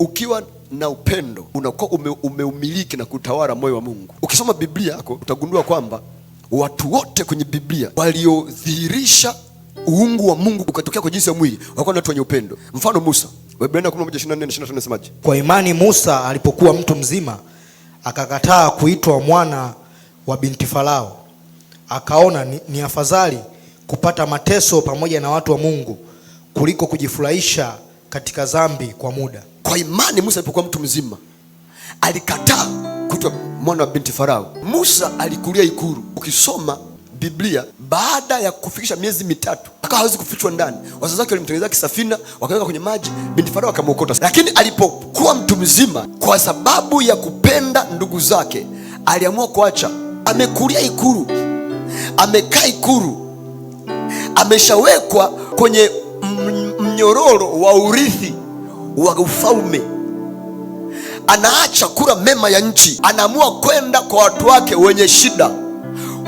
Ukiwa na upendo unakuwa ume, umeumiliki na kutawala moyo wa Mungu. Ukisoma Biblia yako utagundua kwamba watu wote kwenye Biblia waliodhihirisha uungu wa Mungu ukatokea kwa jinsi ya mwili walikuwa watu wenye upendo. Mfano Musa, Waebrania 11:24-25 nasemaje? Kwa imani Musa alipokuwa mtu mzima akakataa kuitwa mwana wa binti Farao, akaona ni, ni afadhali kupata mateso pamoja na watu wa Mungu kuliko kujifurahisha katika dhambi kwa muda. Kwa imani Musa alipokuwa mtu mzima alikataa kuitwa mwana wa binti Farao. Musa alikulia ikulu. Ukisoma Biblia, baada ya kufikisha miezi mitatu akawa hawezi kufichwa ndani, wazazi wake walimtengeneza kisafina, wakaweka kwenye maji, binti Farao akamwokota. Lakini alipokuwa mtu mzima, kwa sababu ya kupenda ndugu zake, aliamua kuacha. Amekulia ikulu, amekaa ikulu, ameshawekwa kwenye mnyororo wa urithi wa ufalme, anaacha kura mema ya nchi, anaamua kwenda kwa watu wake wenye shida,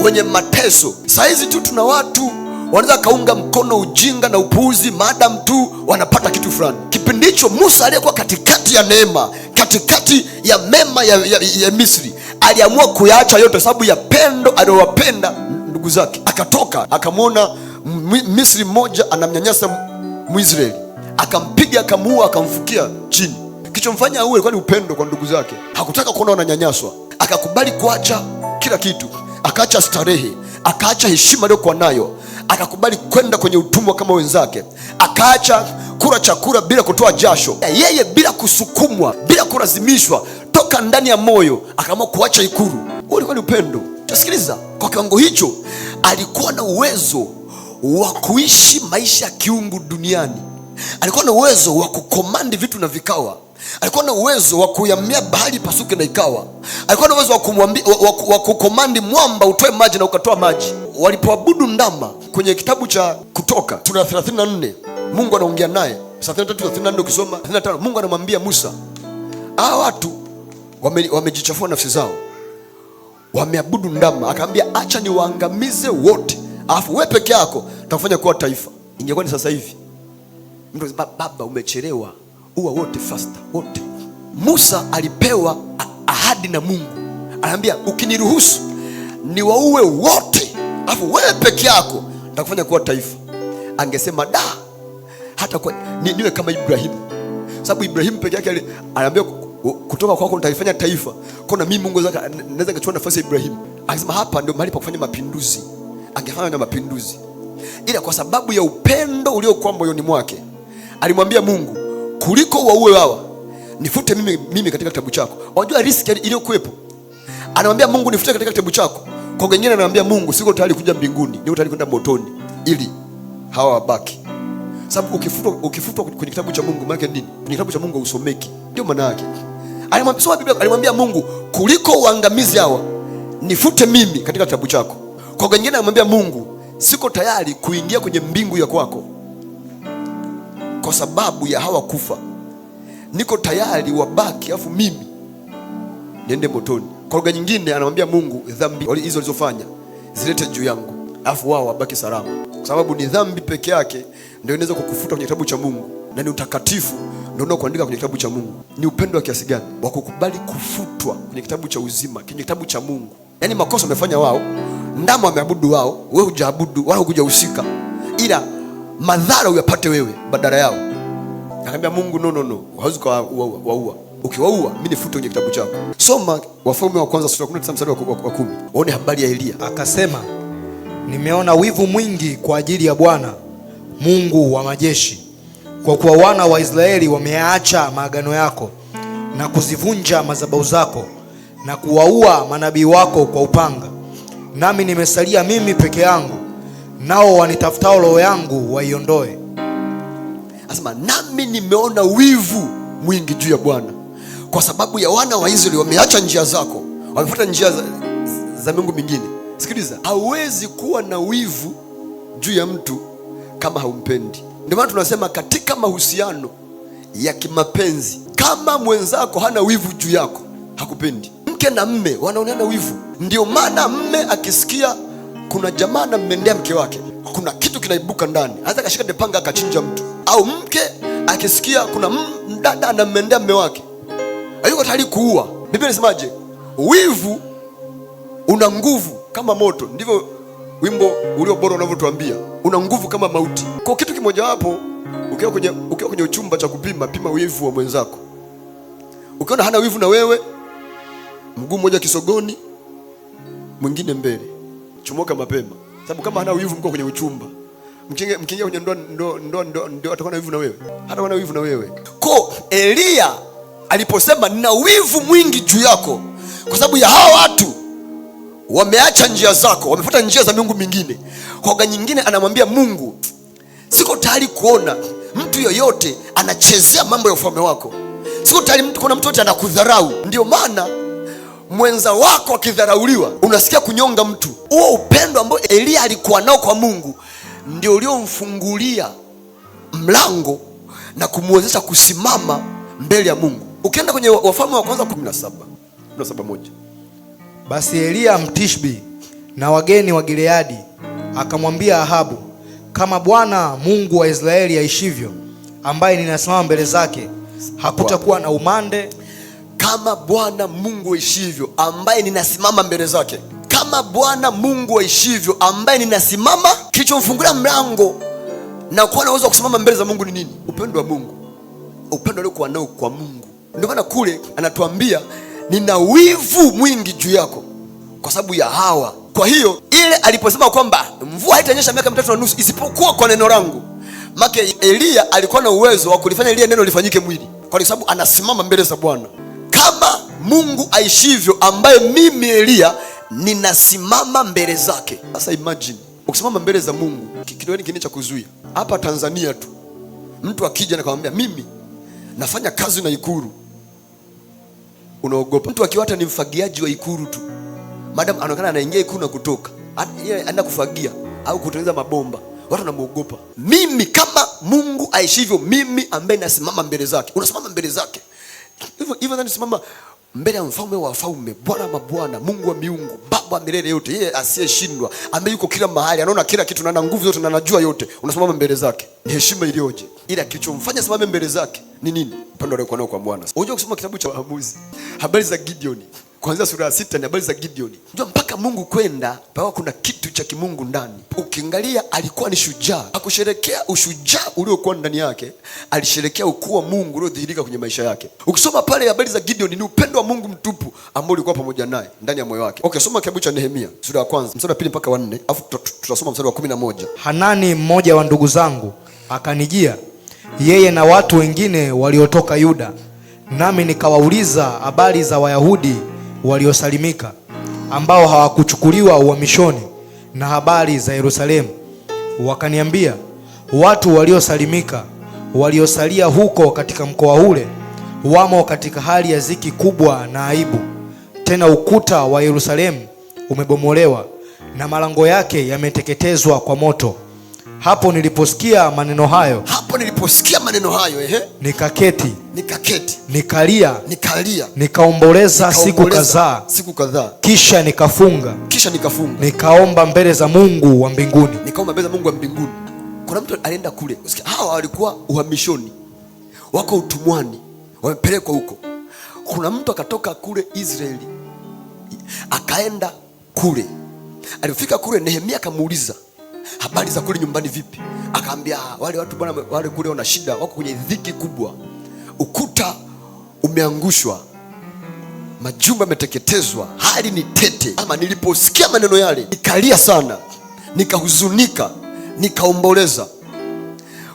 wenye mateso. Saa hizi tu tuna watu wanaweza kaunga mkono ujinga na upuuzi, maadamu tu wanapata kitu fulani. Kipindi hicho Musa aliyekuwa katikati ya neema, katikati ya mema ya, ya, ya Misri, aliamua kuyaacha yote sababu ya pendo aliyowapenda ndugu zake. Akatoka akamwona Misri mmoja anamnyanyasa Mwisraeli akampiga, akamuua, akamfukia chini. kichomfanya aue ilikuwa ni upendo kwa ndugu zake, hakutaka kuona wananyanyaswa, akakubali kuacha kila kitu, akaacha starehe, akaacha heshima aliyokuwa nayo, akakubali kwenda kwenye utumwa kama wenzake, akaacha kula chakula bila kutoa jasho. Yeye bila kusukumwa, bila kulazimishwa, toka ndani ya moyo akaamua kuacha ikulu. Huo ulikuwa ni upendo. Sikiliza, kwa kiwango hicho alikuwa na uwezo wa kuishi maisha ya kiungu duniani alikuwa na uwezo wa kukomandi vitu na vikawa alikuwa na uwezo wa kuyamia bahari pasuke na ikawa. Alikuwa na uwezo wa kukomandi mwamba utoe maji na ukatoa maji. Walipoabudu ndama kwenye kitabu cha Kutoka tuna 34 Mungu anaongea naye ukisoma 35 Mungu anamwambia Musa, hawa watu wamejichafua, wame nafsi zao, wameabudu ndama. Akaambia acha niwaangamize wote, alafu wewe peke yako takufanya kuwa taifa. Ingekuwa ni sasa hivi Mtu baba, umechelewa, uwa wote fasta wote. Musa alipewa ahadi na Mungu, anaambia ukiniruhusu niwaue wote, afu wewe peke yako nitakufanya kuwa taifa. Angesema da, hata kwa, ni, niwe kama Ibrahimu, sababu Ibrahimu peke yake anaambia kutoka kwako nitaifanya taifa. Kwa na mimi Mungu naweza nikachukua nafasi ya Ibrahimu. Akasema hapa ndio mahali pa kufanya mapinduzi, angefanya na mapinduzi, ila kwa sababu ya upendo uliokuwa moyoni mwake alimwambia Mungu, kuliko waue hawa nifute mimi, mimi katika kitabu chako. Unajua riski iliyokuwepo, anamwambia Mungu nifute katika kitabu chako, kwa wengine anamwambia Mungu siko tayari kuja mbinguni, niko tayari kwenda motoni ili hawa wabaki. Sababu ukifutwa ukifutwa kwenye kitabu cha Mungu maana nini? Kwenye kitabu cha Mungu usomeki, ndio maana yake. Alimwambia soma Biblia, alimwambia Mungu kuliko uangamizi hawa nifute mimi katika kitabu chako, kwa wengine anamwambia Mungu siko tayari kuingia kwenye mbingu ya kwako kwa sababu ya hawa kufa, niko tayari wabaki, afu mimi niende motoni. Kwa lugha nyingine, anamwambia Mungu dhambi hizo alizofanya zilete juu yangu, afu wao wabaki salama, kwa sababu ni dhambi peke yake ndio inaweza kukufuta kwenye kitabu cha Mungu, na ni utakatifu ndio kuandika kwenye kitabu cha Mungu. Ni upendo wa kiasi gani wa kukubali kufutwa kwenye kitabu cha uzima, kwenye kitabu cha Mungu. Yaani makosa wamefanya wao, ndama wameabudu wao, wewe hujaabudu wala hukujahusika, ila madhara uyapate wewe badala yao. Akaambia Mungu, no, no, no, hauwezi kuwaua. Ukiwaua mimi nifute kwenye kitabu chako. Soma Wafalme wa kwanza sura ya 19 mstari wa 10, waone habari ya Eliya. Akasema, nimeona wivu mwingi kwa ajili ya Bwana Mungu wa majeshi, kwa kuwa wana wa Israeli wameacha maagano yako na kuzivunja madhabahu zako na kuwaua manabii wako kwa upanga, nami nimesalia mimi peke yangu nao wanitafutao roho yangu waiondoe. Asema nami nimeona wivu mwingi juu ya Bwana kwa sababu ya wana wa Israeli wameacha njia zako, wamefuata njia za, za miungu mingine. Sikiliza, hauwezi kuwa na wivu juu ya mtu kama haumpendi. Ndio maana tunasema katika mahusiano ya kimapenzi, kama mwenzako hana wivu juu yako, hakupendi. Mke na mme wanaoneana wivu, ndio maana mme akisikia kuna jamaa anammendea mke wake, kuna kitu kinaibuka ndani, hata kashika depanga akachinja mtu, au mke akisikia kuna mdada anammendea mme wake, hayuko tayari kuua. Biblia inasemaje? Wivu una nguvu kama moto, ndivyo wimbo ulio bora unavyotuambia, una nguvu kama mauti. Kwa kitu kimojawapo, ukiwa kwenye ukiwa kwenye chumba cha kupima, pima wivu wa mwenzako. Ukiona hana wivu na wewe, mguu mmoja kisogoni, mwingine mbele chomoka mapema, sababu kama hana wivu, mko kwenye uchumba. mkiingia mkingia kwenye ndoa, ndo, ndo, ndo, atakuwa na wivu na wewe, hatakuwa na wivu na wewe. Ko Elia aliposema nina wivu mwingi juu yako, kwa sababu ya hawa watu wameacha njia zako, wamefuata njia za miungu mingine. Kwa nyingine anamwambia Mungu, siko tayari kuona mtu yoyote anachezea mambo ya ufalme wako. Siko tayari mtu kuona mtu yote anakudharau. Ndio maana mwenza wako akidharauliwa, unasikia kunyonga mtu. Huo upendo ambao Eliya alikuwa nao kwa Mungu ndio uliomfungulia mlango na kumwezesha kusimama mbele ya Mungu. Ukienda kwenye Wafalme wa kwanza 17 17 moja, basi Eliya Mtishbi na wageni wa Gileadi akamwambia Ahabu, kama Bwana Mungu wa Israeli aishivyo, ambaye ninasimama mbele zake, hakutakuwa na umande kama Bwana Mungu waishivyo ambaye ninasimama mbele zake, kama Bwana Mungu waishivyo ambaye ninasimama. Kilichomfungulia mlango na kuwa na kusimama mbele za Mungu ni nini? Upendo wa Mungu, upendo aliokuwa nao kwa Mungu. Ndio maana kule anatuambia nina wivu mwingi juu yako kwa sababu ya hawa. Kwa hiyo ile aliposema kwamba mvua haitanyesha miaka mitatu na nusu isipokuwa kwa neno langu, make Eliya alikuwa na uwezo wa kulifanya ile neno lifanyike mwili, kwa sababu anasimama mbele za Bwana kama Mungu aishivyo, ambaye mimi Eliya ninasimama mbele zake. Sasa imagine ukisimama mbele za Mungu, kitu kini cha kuzuia hapa Tanzania tu, mtu akija nakamwambia mimi nafanya kazi na Ikuru, unaogopa. Mtu akiwata ni mfagiaji wa Ikuru tu, madam anaonekana anaingia Ikuru na kutoka, anaenda kufagia au kutengeneza mabomba, watu wanamuogopa. Mimi kama Mungu aishivyo, mimi ambaye nasimama mbele zake, unasimama mbele zake Hivyo hivyo ndio simama mbele ya mfalme wa wafalme, Bwana mabwana, Mungu wa miungu, Baba milele yote, yeye asiyeshindwa, ambaye yuko kila mahali, anaona kila kitu na ana nguvu zote na anajua yote. Unasimama mbele zake, ni heshima iliyoje! Ila kilichomfanya simame mbele zake ni nini? Upendo aliokuwa nao kwa Bwana. Unajua kusoma kitabu cha Waamuzi, habari za Gideoni kuanzia sura ya sita ni habari za Gideoni. Unajua mpaka Mungu kwenda pawa, kuna kitu cha kimungu ndani. Ukiangalia alikuwa ni shujaa, akusherekea ushujaa uliokuwa ndani yake, alisherekea ukuu wa Mungu uliodhihirika kwenye maisha yake. Ukisoma pale habari za Gideoni, ni upendo wa Mungu mtupu ambao ulikuwa pamoja naye ndani ya moyo wake. Okay, soma kitabu cha Nehemia sura ya kwanza mstari wa pili mpaka wa alafu tutasoma mstari wa kumi na moja. Hanani mmoja wa ndugu zangu akanijia yeye na watu wengine waliotoka Yuda, nami nikawauliza habari za Wayahudi waliosalimika ambao hawakuchukuliwa uhamishoni na habari za Yerusalemu, wakaniambia, watu waliosalimika waliosalia huko katika mkoa ule wamo katika hali ya ziki kubwa na aibu. Tena ukuta wa Yerusalemu umebomolewa na malango yake yameteketezwa kwa moto. Hapo niliposikia maneno hayo, hapo niliposikia maneno hayo, ehe, nikaketi nikaketi, nikalia, nikalia, nikaomboleza, nika siku kadhaa, siku kadhaa, kisha nikafunga, kisha nikafunga, nikaomba mbele za Mungu wa mbinguni, nikaomba mbele za Mungu wa mbinguni. Kuna mtu alienda kule, usikia, hawa walikuwa uhamishoni, wako utumwani, wamepelekwa huko. Kuna mtu akatoka kule Israeli akaenda kule, alifika kule, Nehemia akamuuliza habari za kule nyumbani vipi? Akaambia wale watu bwana, wale kule wana shida, wako kwenye dhiki kubwa ukuta umeangushwa, majumba yameteketezwa, hali ni tete. Ama niliposikia maneno yale, nikalia sana, nikahuzunika, nikaomboleza.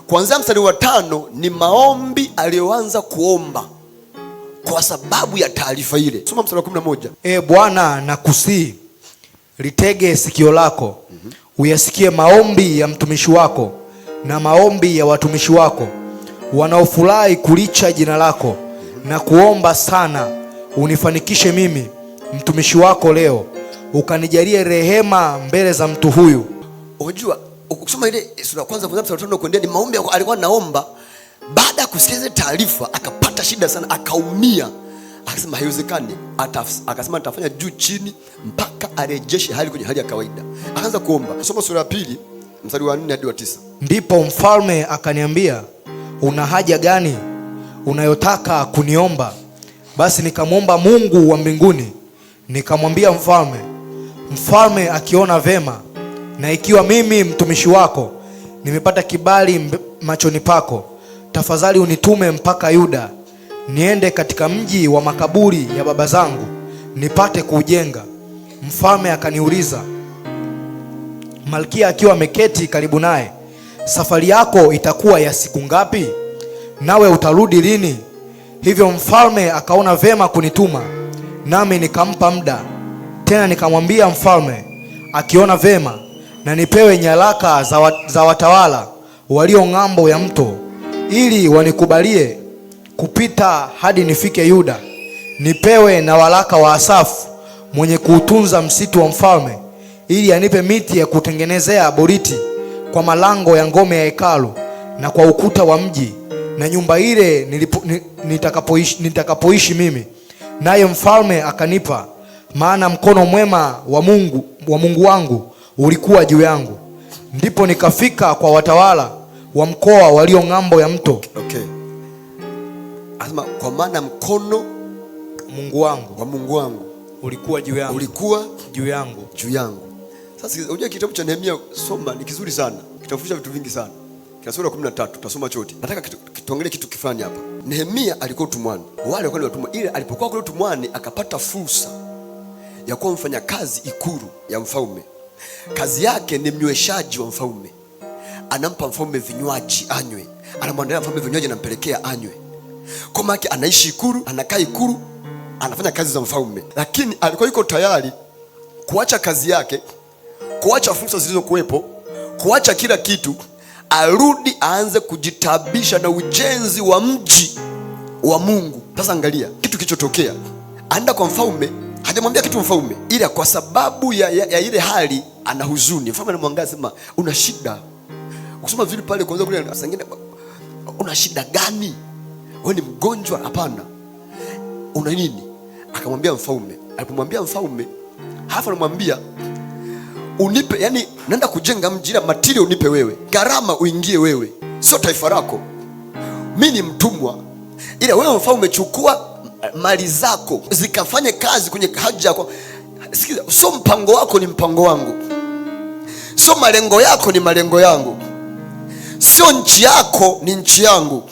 Kuanzia mstari wa tano ni maombi aliyoanza kuomba kwa sababu ya taarifa ile. Soma mstari wa kumi na moja. E Bwana, nakusihi litege sikio lako, mm -hmm. uyasikie maombi ya mtumishi wako na maombi ya watumishi wako wanaofurahi kulicha jina lako na kuomba sana, unifanikishe mimi mtumishi wako leo, ukanijalie rehema mbele za mtu huyu. Unajua, ukisoma ile sura ya kwanza kuendelea, ni maombi alikuwa naomba. Baada ya kusikiliza taarifa, akapata shida sana, akaumia, akasema haiwezekani. Akasema nitafanya juu chini mpaka arejeshe hali kwenye hali ya kawaida. Akaanza kuomba. Soma sura ya pili mstari wa 4 hadi wa 9. Ndipo mfalme akaniambia una haja gani unayotaka kuniomba? Basi nikamwomba Mungu wa mbinguni, nikamwambia mfalme. Mfalme akiona vema, na ikiwa mimi mtumishi wako nimepata kibali machoni pako, tafadhali unitume mpaka Yuda, niende katika mji wa makaburi ya baba zangu, nipate kuujenga. Mfalme akaniuliza, malkia akiwa ameketi karibu naye safari yako itakuwa ya siku ngapi? Nawe utarudi lini? Hivyo mfalme akaona vema kunituma, nami nikampa muda. Tena nikamwambia mfalme, akiona vema na nipewe nyaraka za watawala walio ng'ambo ya mto, ili wanikubalie kupita hadi nifike Yuda, nipewe na waraka wa Asafu mwenye kuutunza msitu wa mfalme, ili anipe miti ya kutengenezea boriti kwa malango ya ngome ya hekalu na kwa ukuta wa mji na nyumba ile nitakapoishi, nitakapoishi mimi, naye mfalme akanipa, maana mkono mwema wa Mungu, wa Mungu wangu ulikuwa juu yangu. Ndipo nikafika kwa watawala wa mkoa walio ng'ambo ya mto. Okay. Asma, kwa maana mkono Mungu wangu, wa Mungu wangu ulikuwa juu yangu, ulikuwa juu yangu, juu yangu sasa unajua kitabu cha Nehemia soma ni kizuri sana, kitafundisha vitu vingi sana. Kina sura 13 tutasoma chote. Nataka tuongelee kitu kifani hapa. Nehemia alikuwa utumwani, wale walikuwa ni watumwa, ile alipokuwa kule utumwani akapata fursa ya kuwa mfanya kazi ikuru ya mfalme. Kazi yake ni mnyweshaji wa mfalme, anampa mfalme vinywaji anywe, anamwandalia mfalme vinywaji, anampelekea anywe. Kwa maana anaishi ikuru, anakaa ikuru, anafanya kazi za mfalme, lakini alikuwa yuko tayari kuacha kazi yake kuacha fursa zilizokuwepo, kuacha kila kitu, arudi aanze kujitabisha na ujenzi wa mji wa Mungu. Sasa angalia kitu kilichotokea, aenda kwa mfalme, hajamwambia kitu mfalme, ila kwa sababu ya, ya, ya ile hali ana huzuni. Mfalme anamwangalia sema, una shida kusoma vile pale kwanza kule, sangine una shida gani? Wewe ni mgonjwa? Hapana, una nini? Akamwambia mfalme. Alipomwambia mfalme, halafu anamwambia unipe, yani naenda kujenga mji, ila matiri unipe wewe, gharama uingie wewe, sio taifa lako. Mi ni mtumwa, ila wewe mfaa umechukua mali zako zikafanye kazi kwenye haja yako. Sikiza, sio mpango wako ni mpango wangu, sio malengo yako ni malengo yangu, sio nchi yako ni nchi yangu,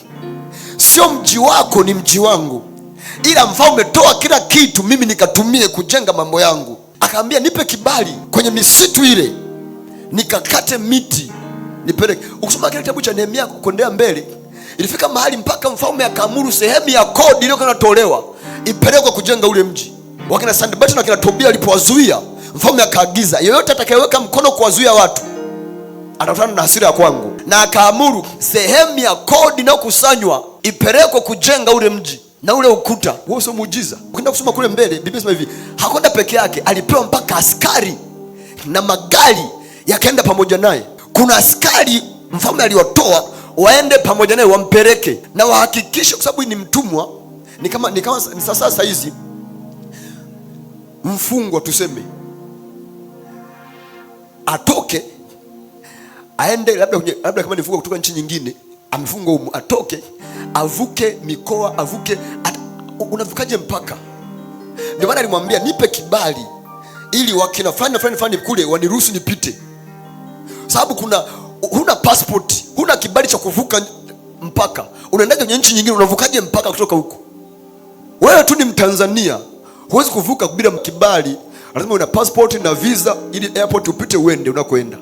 sio mji wako ni mji wangu, ila mfaa umetoa kila kitu, mimi nikatumie kujenga mambo yangu akaambia nipe kibali kwenye misitu ile nikakate miti nipeleke. Ukisoma kile kitabu cha Nehemia kukondea mbele, ilifika mahali mpaka mfalme akaamuru sehemu ya kodi iliyokuwa inatolewa ipelekwe kujenga ule mji. Wakina Sanbalati na wakina Tobia alipowazuia, mfalme akaagiza yeyote atakayeweka mkono kuwazuia watu atakutana na hasira ya kwangu, na akaamuru sehemu ya kodi inayokusanywa ipelekwe kujenga ule mji na ule ukuta wewe sio muujiza. Ukienda kusoma kule mbele, Biblia inasema hivi, hakwenda peke yake, alipewa mpaka askari na magari yakaenda pamoja naye. Kuna askari mfalme aliwatoa waende pamoja naye, wampeleke na wahakikishe, kwa sababu ni mtumwa, ni kama ni kama ni sasa. Sasa hizi mfungwa tuseme atoke aende labda labda, kama ni fungwa kutoka nchi nyingine amefungwa umu, atoke avuke mikoa, avuke at, unavukaje mpaka? Ndio maana alimwambia nipe kibali ili wakina fulani na fulani fulani kule waniruhusu nipite, sababu kuna huna passport, huna kibali cha kuvuka mpaka. Unaendaje kwenye nchi nyingine? Unavukaje mpaka kutoka huko? Wewe tu ni Mtanzania, huwezi kuvuka bila kibali, lazima una passport na visa ili airport upite uende unakoenda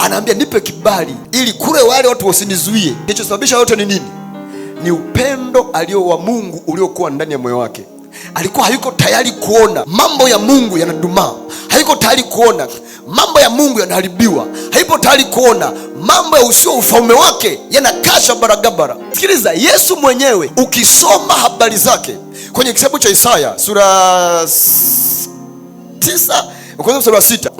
anaambia nipe kibali ili kule wale watu wasinizuie. Kilichosababisha yote ni nini? Ni upendo alio wa Mungu uliokuwa ndani ya moyo wake. Alikuwa hayuko tayari kuona mambo ya Mungu yanadumaa, hayuko tayari kuona mambo ya Mungu yanaharibiwa, hayupo tayari kuona mambo ya usio ufalme wake yanakasha baragabara. Sikiliza, Yesu mwenyewe ukisoma habari zake kwenye kitabu cha Isaya sura tisa kuanzia mstari wa sita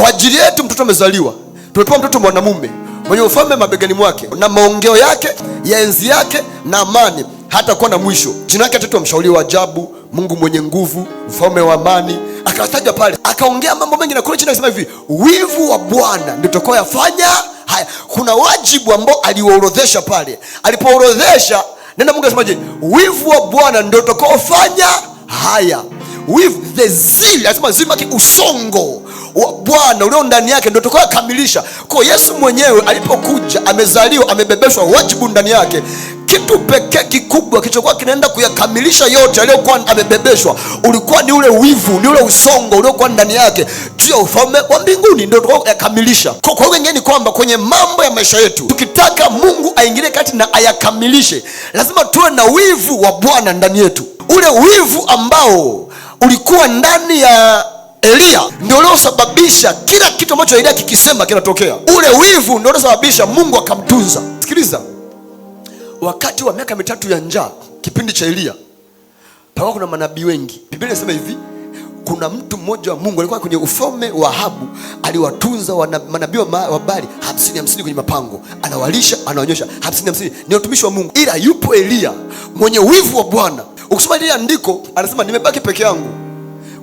kwa ajili yetu mtoto amezaliwa, tumepewa mtoto mwanamume mwenye ufalme mabegani mwake, na maongeo yake ya enzi yake na amani hata kuwa na mwisho. Jina lake atatwa mshauri wa ajabu, Mungu mwenye nguvu, mfalme wa amani. Akataja pale, akaongea mambo mengi, na kule chini akasema hivi, wivu wa Bwana ndio tutakaoyafanya haya. Kuna wajibu ambao aliwaorodhesha pale, alipoorodhesha nenda Mungu asemaje? Wivu wa Bwana ndio tutakaofanya haya. Wivu the zeal, anasema zeal yake usongo wa Bwana ulio ndani yake ndio tukawakamilisha ko Yesu mwenyewe alipokuja, amezaliwa, amebebeshwa wajibu ndani yake. Kitu pekee kikubwa kilichokuwa kinaenda kuyakamilisha yote aliyokuwa amebebeshwa ulikuwa ni ule wivu, ni ule usongo uliokuwa ndani yake juu ya ufalme wa mbinguni, ndio tukayakamilisha. Kwa wengine ni kwamba kwenye mambo ya maisha yetu, tukitaka Mungu aingilie kati na ayakamilishe, lazima tuwe na wivu wa Bwana ndani yetu, ule wivu ambao ulikuwa ndani ya Eliya ndio uliosababisha kila kitu ambacho Eliya kikisema kinatokea. Ule wivu ndio uliosababisha Mungu akamtunza. Sikiliza, wakati wa miaka mitatu ya njaa, kipindi cha Eliya, palikuwa kuna manabii wengi. Biblia inasema hivi, kuna mtu mmoja wa Mungu alikuwa kwenye ufalme wa Ahabu, aliwatunza manabii wa Baali hamsini hamsini kwenye mapango, anawalisha anawanyosha, hamsini hamsini. Ni watumishi wa Mungu, ila yupo Eliya mwenye wivu wa Bwana. Ukisoma ile andiko anasema nimebaki peke yangu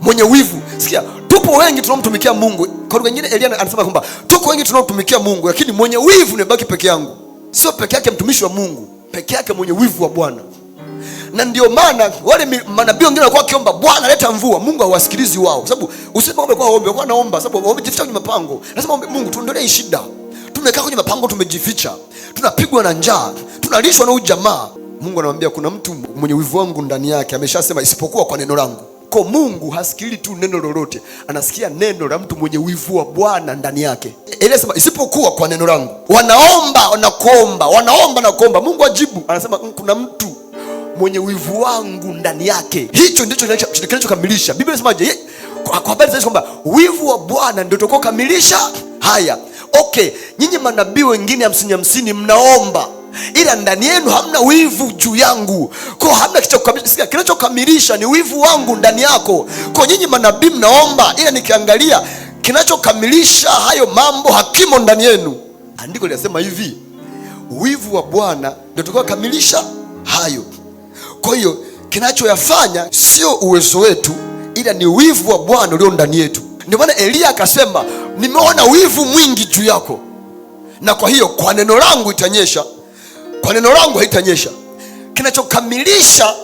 mwenye wivu. Sikia, tupo wengi tunaomtumikia Mungu. Kwa lugha nyingine, Elia anasema kwamba tuko wengi tunaomtumikia Mungu, lakini mwenye wivu nimebaki peke yangu. Sio peke yake mtumishi wa Mungu, peke yake mwenye wivu wa Bwana. Na ndio maana wale manabii wengine walikuwa wakiomba Bwana leta mvua, Mungu hawasikilizi wao, kwa sababu usema ombe kwa ombe, kwa naomba, sababu wamejificha kwenye mapango. Nasema ombe, Mungu tuondolee shida. Tumekaa kwenye mapango, tumejificha, tunapigwa na njaa, tunalishwa na ujamaa. Mungu anamwambia kuna mtu mwenye wivu wangu ndani yake, ameshasema isipokuwa kwa neno langu kwa Mungu hasikili tu neno lolote, anasikia neno la mtu mwenye wivu wa Bwana ndani yake. Ilisema isipokuwa kwa neno langu. Wanaomba na kuomba, wanaomba na kuomba, Mungu ajibu. Anasema mm, kuna mtu mwenye wivu wangu ndani yake. Hicho ndicho kinachokamilisha. Biblia inasemaje? Kwa habari za kwamba wivu wa Bwana ndio utakao kamilisha haya. Okay, nyinyi manabii wengine hamsini hamsini mnaomba ila ndani yenu hamna wivu juu yangu. ko hamna kichokamilisha kinachokamilisha ni wivu wangu ndani yako. ko nyinyi manabii mnaomba, ila nikiangalia kinachokamilisha hayo mambo hakimo ndani yenu. Andiko linasema hivi, wivu wa Bwana ndio tukakamilisha hayo. Kwa hiyo kinachoyafanya sio uwezo wetu, ila ni wivu wa Bwana ulio ndani yetu. Ndio maana Eliya akasema, nimeona wivu mwingi juu yako, na kwa hiyo kwa neno langu itanyesha kwa neno langu haitanyesha. Kinachokamilisha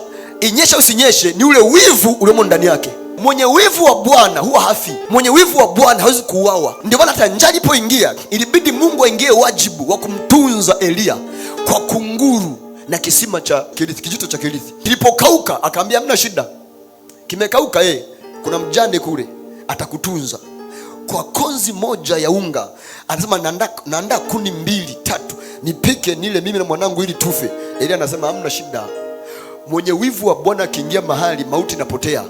inyesha usinyeshe ni ule wivu uliomo ndani yake. Mwenye wivu wa Bwana huwa hafi. Mwenye wivu wa Bwana hawezi kuuawa. Ndio maana hata njaa ilipoingia, ilibidi Mungu aingie wajibu wa kumtunza Eliya kwa kunguru na kisima cha Kerithi, kijito cha Kerithi kilipokauka, akaambia hamna shida, kimekauka eh, kuna mjane kule atakutunza. Kwa konzi moja ya unga anasema naandaa kuni mbili tatu nipike nile mimi na mwanangu ili tufe. Elia anasema hamna shida, mwenye wivu wa Bwana akiingia mahali, mauti inapotea.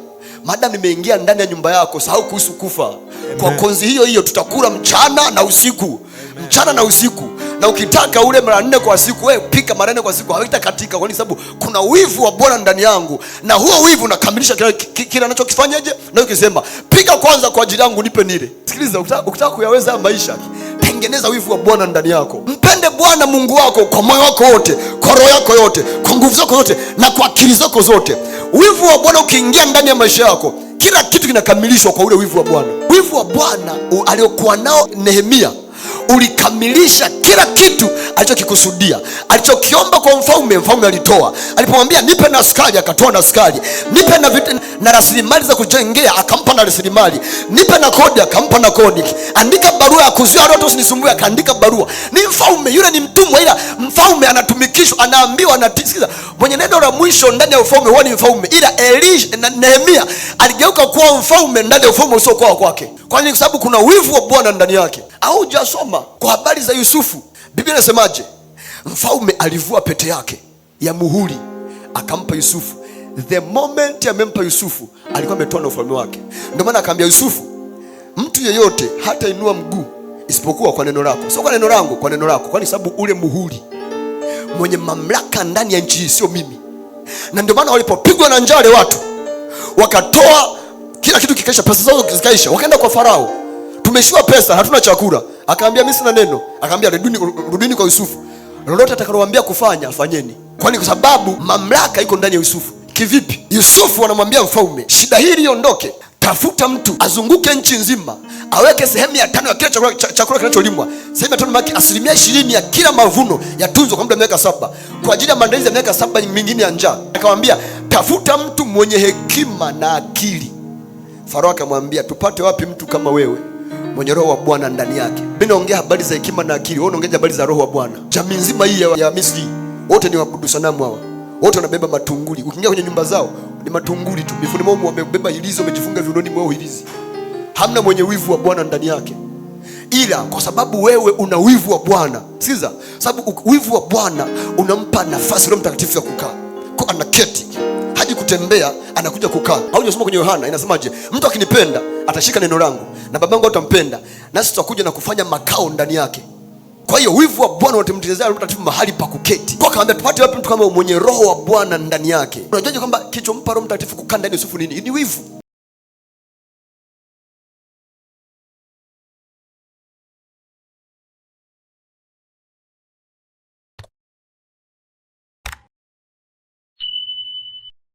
Mada nimeingia ndani ya nyumba yako, sahau kuhusu kufa. Amen. Kwa konzi hiyo hiyo tutakula mchana na usiku. Amen. Mchana na usiku na ukitaka ule mara nne kwa siku, wewe pika mara nne kwa siku, hawita katika kwa sababu kuna wivu wa Bwana ndani yangu, na huo wivu unakamilisha kila kila anachokifanyaje na ukisema pika kwanza kwa ajili yangu, nipe nile. Sikiliza, ukitaka kuyaweza maisha, tengeneza wivu wa Bwana ndani yako Mpen Bwana Mungu wako kwa moyo wako wote, kwa roho yako yote, kwa nguvu zako zote, na kwa akili zako zote. Wivu wa Bwana ukiingia ndani ya maisha yako, kila kitu kinakamilishwa kwa ule wivu wa Bwana. Wivu wa Bwana aliokuwa nao Nehemia ulikamilisha kila kitu alichokikusudia, alichokiomba kwa mfalme, mfalme alitoa. Alipomwambia nipe na askari, akatoa na askari, nipe na, na rasilimali za kujengea, akampa na rasilimali, nipe na kodi, akampa na kodi, andika barua ya kuzuia watu usinisumbue, akaandika barua. Ni mfalme yule, ni mtumwa, ila mfalme anatumikishwa, anaambiwa, anatisikiza. Mwenye neno la mwisho ndani ya ufalme huwa ni mfalme, ila Elish, na Nehemia aligeuka kuwa mfalme ndani ya ufalme usiokuwa kwake. Kwa nini? Kwa sababu kuna wivu wa Bwana ndani yake au jasoma kwa habari za Yusufu, Biblia inasemaje? Mfalme alivua pete yake ya muhuri akampa Yusufu. The moment amempa Yusufu alikuwa ametoa na ufalme wake. Ndio maana akaambia Yusufu, mtu yeyote hata inua mguu isipokuwa kwa neno lako, sio kwa neno langu, kwa neno lako, kwani sababu ule muhuri, mwenye mamlaka ndani ya nchi hii sio mimi. Na ndio maana walipopigwa na njale watu wakatoa kila kitu kikaisha, pesa zao zikaisha, wakaenda kwa Farao tumeshiwa pesa, hatuna chakula. Akaambia mimi sina neno. Akaambia rudini, rudini kwa Yusufu, lolote atakalowaambia kufanya afanyeni kwani kwa sababu mamlaka iko ndani ya Yusufu. Kivipi? Yusufu anamwambia mfalme, shida hii iliondoke, tafuta mtu azunguke nchi nzima, aweke sehemu ya tano ya kila chakula, chakula kinacholimwa. Sehemu ya tano maki asilimia ishirini ya kila mavuno yatunzwe kwa muda wa miaka saba kwa ajili ya maandalizi ya miaka saba mingine ya njaa. Akamwambia tafuta mtu mwenye hekima na akili. Farao akamwambia tupate wapi mtu kama wewe? mwenye roho wa Bwana ndani yake. Mimi naongea habari za hekima na akili, wewe unaongea habari za roho wa Bwana. Jamii nzima hii ya, ya Misri wote ni waabudu sanamu hawa, wote wanabeba matunguli. Ukiingia kwenye nyumba zao ni matunguli tu, mifuni mwao wamebeba hilizi, wamejifunga viunoni mwao hilizi. Hamna mwenye wivu wa Bwana ndani yake, ila kwa sababu wewe una wivu wa Bwana. Sikiza, sababu wivu wa Bwana unampa nafasi Roho Mtakatifu ya kukaa kwa, anaketi haji kutembea, anakuja kukaa. Paulo anasema kwenye Yohana inasemaje? Mtu akinipenda atashika neno langu na yangu atampenda, nasi tutakuja na kufanya makao ndani yake. Kwa hiyo wivu wa Bwana unatimtizia utaratibu mahali pa kuketi. Kwa kaambia tupate wapi mtu kama mwenye roho wa Bwana ndani yake? Unajuaje kwamba kichompa Roho Mtakatifu kukaa ndani Yusufu nini? Ni wivu.